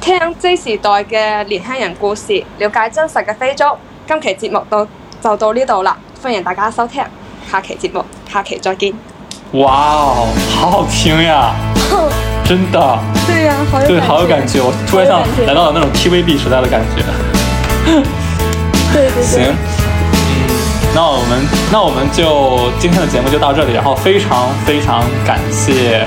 聽 Z 時代嘅年輕人故事，了解真實嘅非洲。今期節目到就到呢度啦，歡迎大家收聽下期節目，下期再見。哇哦，好好聽呀， 真的，對呀，啊，對好有，好有感覺。我突然想，來到了那種 TVB 時代的感覺。 對，對對。行，嗯，那我們，那我們就今天的節目就到這裏，然後非常非常感謝。